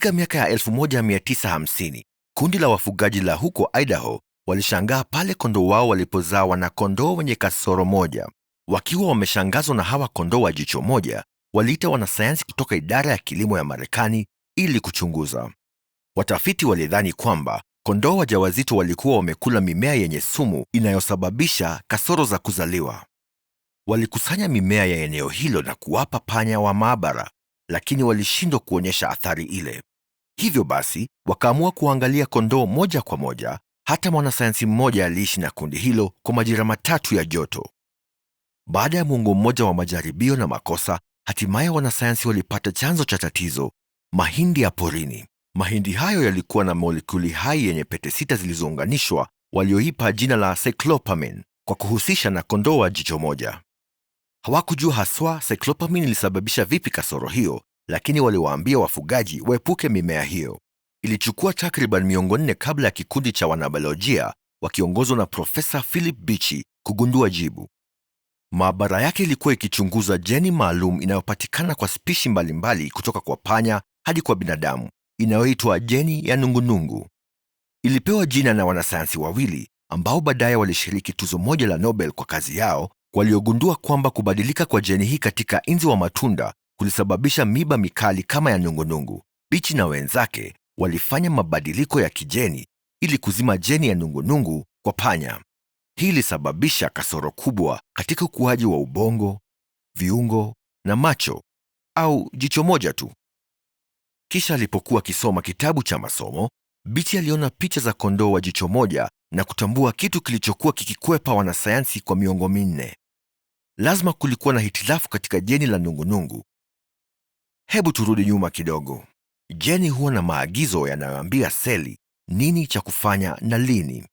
Katika miaka ya 1950, kundi la wafugaji la huko Idaho walishangaa pale kondoo wao walipozaa kondoo wenye kasoro moja. Wakiwa wameshangazwa na hawa kondoo wa jicho moja, waliita wanasayansi kutoka idara ya kilimo ya Marekani ili kuchunguza. Watafiti walidhani kwamba kondoo wajawazito walikuwa wamekula mimea yenye sumu inayosababisha kasoro za kuzaliwa. Walikusanya mimea ya eneo hilo na kuwapa panya wa maabara, lakini walishindwa kuonyesha athari ile. Hivyo basi wakaamua kuangalia kondoo moja kwa moja. Hata mwanasayansi mmoja aliishi na kundi hilo kwa majira matatu ya joto. Baada ya muongo mmoja wa majaribio na makosa, hatimaye wanasayansi walipata chanzo cha tatizo, mahindi ya porini. Mahindi hayo yalikuwa na molekuli hai yenye pete sita zilizounganishwa, walioipa jina la cyclopamin kwa kuhusisha na kondoo wa jicho moja. Hawakujua haswa cyclopamin ilisababisha vipi kasoro hiyo, lakini waliwaambia wafugaji waepuke mimea hiyo. Ilichukua takriban miongo nne kabla ya kikundi cha wanabiolojia wakiongozwa na Profesa Philip Bichi kugundua jibu. Maabara yake ilikuwa ikichunguza jeni maalum inayopatikana kwa spishi mbalimbali kutoka kwa panya hadi kwa binadamu inayoitwa jeni ya nungunungu. Ilipewa jina na wanasayansi wawili ambao baadaye walishiriki tuzo moja la Nobel kwa kazi yao waliogundua kwamba kubadilika kwa jeni hii katika inzi wa matunda kulisababisha miba mikali kama ya nungunungu. Bichi na wenzake walifanya mabadiliko ya kijeni ili kuzima jeni ya nungunungu kwa panya. Hii ilisababisha kasoro kubwa katika ukuaji wa ubongo, viungo na macho au jicho moja tu. Kisha alipokuwa akisoma kitabu cha masomo, Bichi aliona picha za kondoo wa jicho moja na kutambua kitu kilichokuwa kikikwepa wanasayansi kwa miongo minne. Lazima kulikuwa na hitilafu katika jeni la nungunungu Hebu turudi nyuma kidogo. Jeni huwa na maagizo yanayoambia seli nini cha kufanya na lini.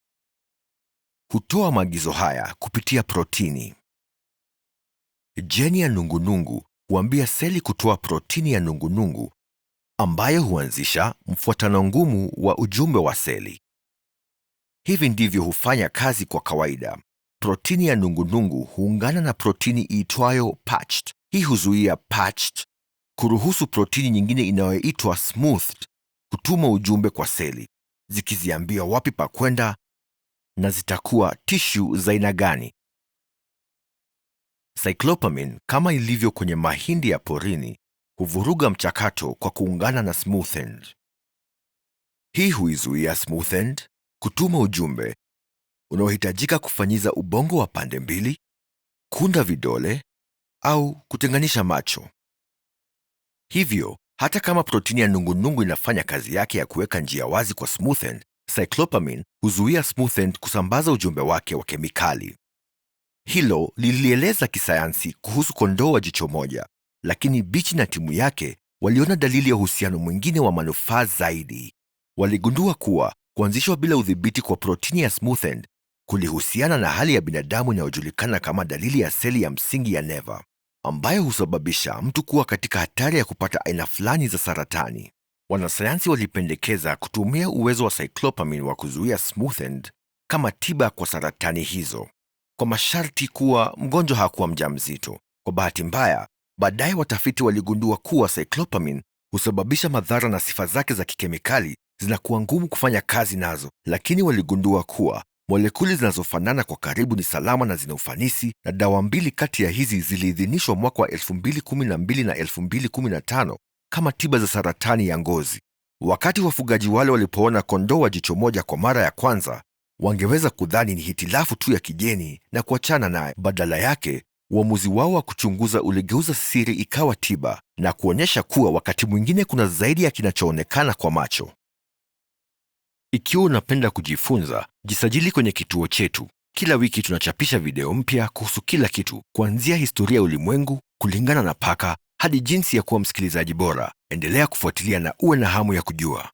Hutoa maagizo haya kupitia protini. Jeni ya nungunungu huambia seli kutoa protini ya nungunungu ambayo huanzisha mfuatano ngumu wa ujumbe wa seli. Hivi ndivyo hufanya kazi kwa kawaida. Protini ya nungunungu huungana na protini iitwayo PACHT. Hii huzuia patched kuruhusu protini nyingine inayoitwa smoothed kutuma ujumbe kwa seli zikiziambia wapi pa kwenda na zitakuwa tishu za aina gani. Cyclopamin kama ilivyo kwenye mahindi ya porini huvuruga mchakato kwa kuungana na smoothened. Hii huizuia smoothened kutuma ujumbe unaohitajika kufanyiza ubongo wa pande mbili, kunda vidole au kutenganisha macho. Hivyo, hata kama protini ya nungunungu inafanya kazi yake ya kuweka njia wazi kwa smoothen, cyclopamine huzuia smoothen kusambaza ujumbe wake wa kemikali. Hilo lilieleza kisayansi kuhusu kondoo wa jicho moja, lakini Bichi na timu yake waliona dalili ya uhusiano mwingine wa manufaa zaidi. Waligundua kuwa kuanzishwa bila udhibiti kwa protini ya smoothen kulihusiana na hali ya binadamu inayojulikana kama dalili ya seli ya msingi ya neva ambayo husababisha mtu kuwa katika hatari ya kupata aina fulani za saratani. Wanasayansi walipendekeza kutumia uwezo wa cyclopamine wa kuzuia smoothened kama tiba kwa saratani hizo kwa masharti kuwa mgonjwa hakuwa mjamzito. Kwa bahati mbaya, baadaye watafiti waligundua kuwa cyclopamine husababisha madhara na sifa zake za kikemikali zinakuwa ngumu kufanya kazi nazo, lakini waligundua kuwa Molekuli zinazofanana kwa karibu ni salama na zina ufanisi, na dawa mbili kati ya hizi ziliidhinishwa mwaka wa 2012 na 2015 kama tiba za saratani ya ngozi. Wakati wafugaji wale walipoona kondoo wa jicho moja kwa mara ya kwanza, wangeweza kudhani ni hitilafu tu ya kigeni na kuachana naye. Badala yake, uamuzi wao wa kuchunguza uligeuza siri ikawa tiba na kuonyesha kuwa wakati mwingine kuna zaidi ya kinachoonekana kwa macho. Ikiwa unapenda kujifunza, jisajili kwenye kituo chetu. Kila wiki tunachapisha video mpya kuhusu kila kitu, kuanzia historia ya ulimwengu kulingana na paka hadi jinsi ya kuwa msikilizaji bora. Endelea kufuatilia na uwe na hamu ya kujua.